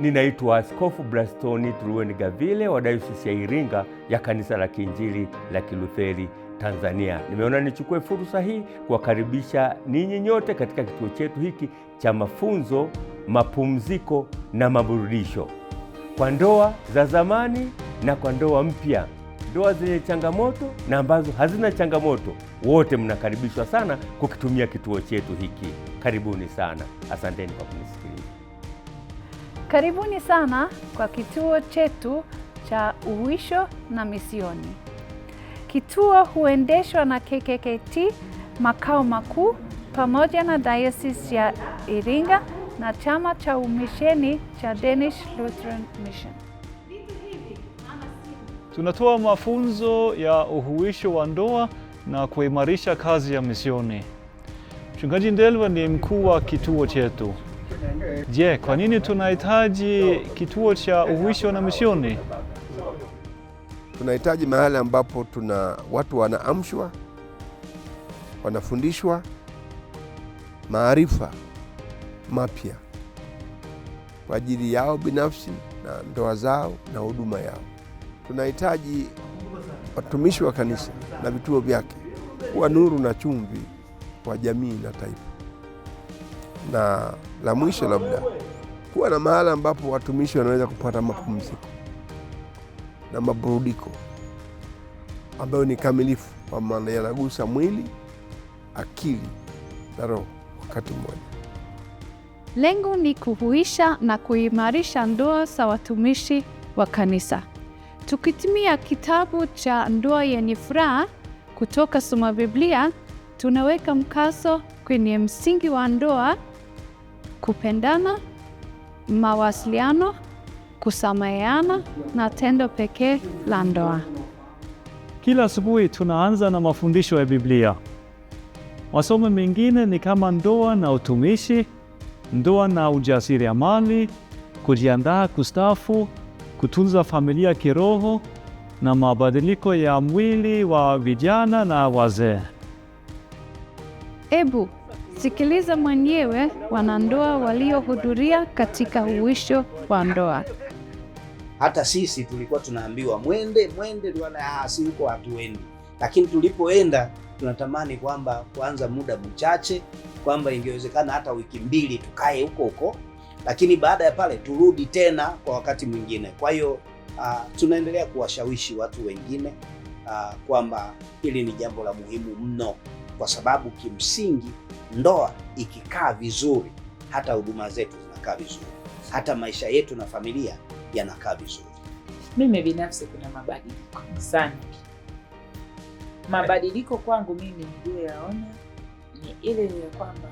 Ninaitwa Askofu Blastoni Truweni Gavile wa Dayosisi ya Iringa ya Kanisa la Kiinjili la Kilutheri Tanzania. Nimeona nichukue fursa hii kuwakaribisha ninyi nyote katika kituo chetu hiki cha mafunzo, mapumziko na maburudisho kwa ndoa za zamani na kwa ndoa mpya ndoa zenye changamoto na ambazo hazina changamoto, wote mnakaribishwa sana kukitumia kituo chetu hiki. Karibuni sana, asanteni kwa kunisikiliza. Karibuni sana kwa kituo chetu cha uhuisho na misioni. Kituo huendeshwa na KKKT makao makuu pamoja na Diocese ya Iringa na chama cha umisheni cha Danish Lutheran Mission. Tunatoa mafunzo ya uhuisho wa ndoa na kuimarisha kazi ya misioni. Mchungaji Ndelwa ni mkuu wa kituo chetu. Je, kwa nini tunahitaji kituo cha uhuisho na misioni? Tunahitaji mahali ambapo tuna watu wanaamshwa, wanafundishwa maarifa mapya kwa ajili yao binafsi na ndoa zao na huduma yao tunahitaji watumishi wa kanisa na vituo vyake kuwa nuru na chumvi kwa jamii na taifa, na la mwisho labda kuwa na mahala ambapo watumishi wanaweza kupata mapumziko na maburudiko ambayo ni kamilifu, kwa maana yanagusa mwili, akili na roho wakati mmoja. Lengo ni kuhuisha na kuimarisha ndoa za watumishi wa kanisa. Tukitumia kitabu cha Ndoa Yenye Furaha kutoka Soma Biblia, tunaweka mkazo kwenye msingi wa ndoa: kupendana, mawasiliano, kusameheana na tendo pekee la ndoa. Kila asubuhi tunaanza na mafundisho ya Biblia. Masomo mengine ni kama ndoa na utumishi, ndoa na ujasiriamali, kujiandaa kustafu kutunza familia kiroho na mabadiliko ya mwili wa vijana na wazee. Ebu sikiliza mwenyewe wanandoa waliohudhuria katika uwisho wa ndoa. Hata sisi tulikuwa tunaambiwa mwende mwende, ah, si huko hatuendi, lakini tulipoenda tunatamani kwamba kuanza muda mchache, kwamba ingewezekana hata wiki mbili tukae huko huko lakini baada ya pale turudi tena kwa wakati mwingine. Kwa hiyo uh, tunaendelea kuwashawishi watu wengine uh, kwamba hili ni jambo la muhimu mno, kwa sababu kimsingi ndoa ikikaa vizuri, hata huduma zetu zinakaa vizuri, hata maisha yetu na familia yanakaa vizuri. Mimi binafsi kuna mabadiliko sana, mabadiliko kwangu mimi niliyoyaona ni ile ya kwamba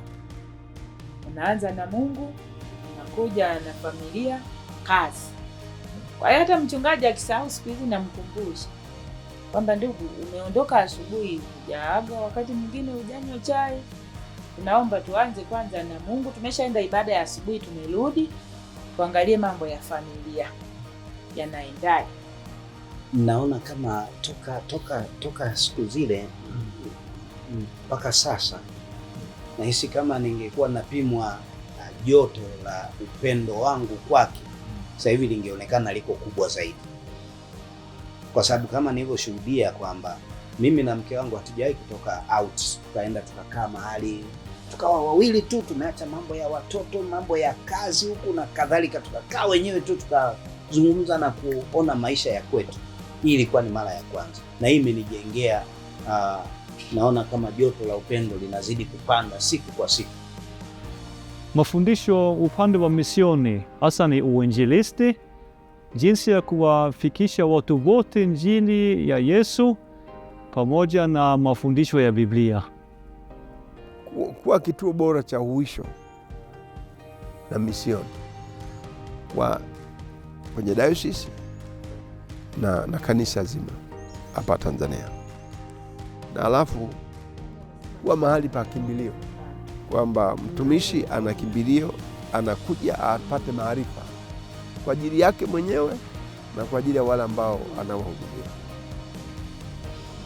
unaanza na Mungu kuja na familia, kazi. Kwa hiyo hata mchungaji akisahau siku hizi namkumbusha kwamba ndugu, umeondoka asubuhi, hujaaga, wakati mwingine hujanywa chai. Tunaomba tuanze kwanza na Mungu. Tumeshaenda ibada ya asubuhi, tumerudi tuangalie mambo ya familia yanaendaje. Naona kama toka toka toka siku zile mpaka sasa nahisi kama ningekuwa napimwa joto la upendo wangu kwake sasa hivi lingeonekana liko kubwa zaidi, kwa sababu kama nilivyoshuhudia kwamba mimi na mke wangu hatujawahi kutoka out tukaenda tukakaa mahali tukawa wawili tu, tumeacha mambo ya watoto, mambo ya kazi huku na kadhalika, tukakaa wenyewe tu tukazungumza na kuona maisha ya kwetu. Hii ilikuwa ni mara ya kwanza, na hii imenijengea uh, naona kama joto la upendo linazidi kupanda siku kwa siku. Mafundisho upande wa misioni hasa ni uinjilisti, jinsi ya kuwafikisha watu wote Injili ya Yesu pamoja na mafundisho ya Biblia. Kuwa kituo bora cha uhuisho na misioni kwa kwenye dayosisi na, na kanisa zima hapa Tanzania, na alafu kuwa mahali pa kimbilio kwamba mtumishi ana kimbilio, anakuja apate maarifa kwa ajili yake mwenyewe na kwa ajili ya wale ambao anawahudumia.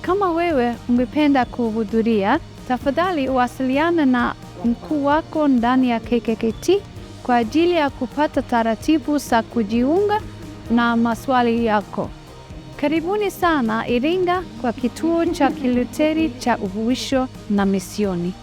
Kama wewe ungependa kuhudhuria, tafadhali wasiliana na mkuu wako ndani ya KKKT kwa ajili ya kupata taratibu za kujiunga na maswali yako. Karibuni sana Iringa kwa kituo cha Kiluteri cha uhuisho na misioni.